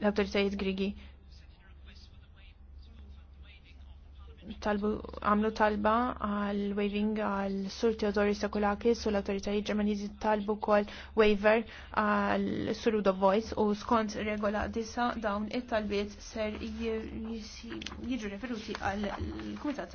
l-autoritajiet Grigi talbu għamlu talba għal waving għal Sur Teodori Sakulakis u l-autoritajiet Ġermaniżi talbu kol waiver għal Sur Udo Voice u skont regola disa dawn it-talbiet ser jiġu referuti għal Kumitat